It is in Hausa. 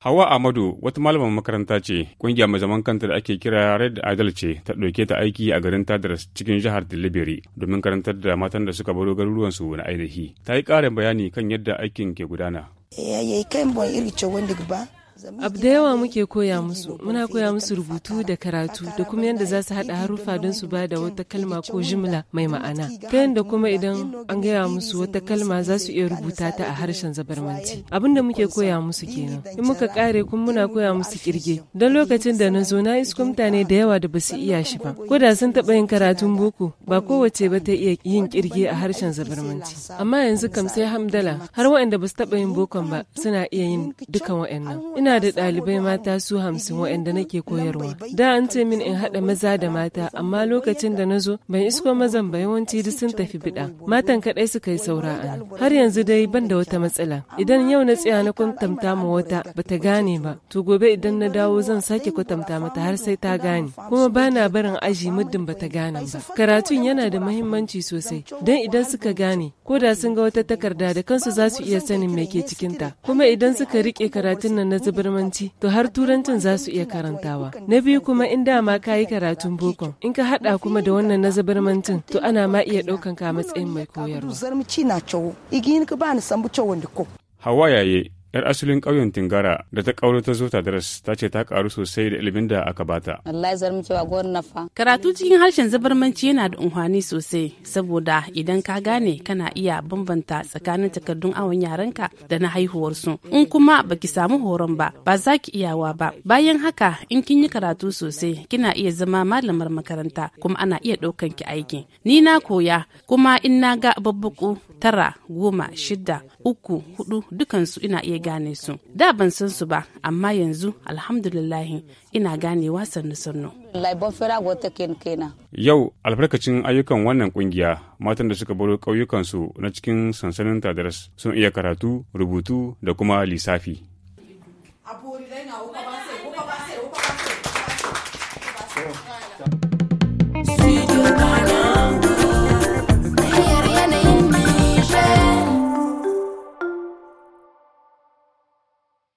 Hawa Amadu wata malamar makaranta ce kungiya mai zaman kanta da ake kira Red Adal ce ta ɗauke ta aiki a garin Tadras cikin jihar Delivery domin karantar da matan da suka baro garuruwansu na ainihi. Ta yi ƙarin bayani kan yadda aikin ke gudana. yayi kai ba iri ce wanda ba abu da yawa muke koya musu muna koya musu rubutu da karatu da kuma yadda za su haɗa haruffa don su ba da wata kalma ko jimla mai ma'ana ta yadda kuma idan an gaya musu wata kalma za su iya rubuta ta a harshen zabarmanci abin da muke koya musu kenan in muka kare kuma muna koya musu kirge don lokacin da na zo na isko mutane da yawa da basu iya shi ba ko da sun taɓa yin karatun boko ba kowace ba ta iya yin kirge a harshen zabarmanci amma yanzu kam sai hamdala har waɗanda su taɓa yin bokon ba suna iya yin dukan waɗannan Ina da ɗalibai mata su hamsin waɗanda nake koyarwa. Da an ce min in haɗa maza da mata, amma lokacin da na zo ban isko mazan ba yawanci duk sun tafi biɗa. Matan kaɗai suka yi saura an. Har yanzu dai ban da wata matsala. Idan yau na tsaya na kwatanta ma wata ta gane ba, to gobe idan na dawo zan sake kwatanta mata har sai ta gane. Kuma bana barin aji muddin ba ta gane ba. Karatun yana da muhimmanci sosai, don idan suka gane ko da sun ga wata takarda da kansu za su iya sanin me ke cikinta kuma idan suka rike karatun nan na zubarmanci to har turancin za su iya karantawa na biyu kuma in dama ka yi karatun bokon in ka hada kuma da wannan na zubarmancin to ana ma iya daukan ka matsayin mai koyarwa hawa yaye 'yar asalin ƙauyen tingara da ta ƙauro ta zo ta daras ta ce ta karu sosai da ilimin da aka bata. Allah Karatu cikin harshen zabarmanci yana da unhwani sosai saboda idan ka gane kana iya bambanta tsakanin takardun awon yarenka da na haihuwar su In kuma baki samu horon ba ba za ki iyawa ba. Bayan haka in kin yi karatu sosai kina iya zama malamar makaranta kuma ana iya ɗaukan ki aiki. Ni na koya kuma in na ga babbaku tara goma shida uku hudu dukansu ina iya gane su da ban san su ba amma yanzu alhamdulillah ina ganewa sannu sannu yau albarkacin ayyukan wannan kungiya matan da suka baro ƙauyukansu na cikin sansanin tadaras sun iya karatu rubutu da kuma lissafi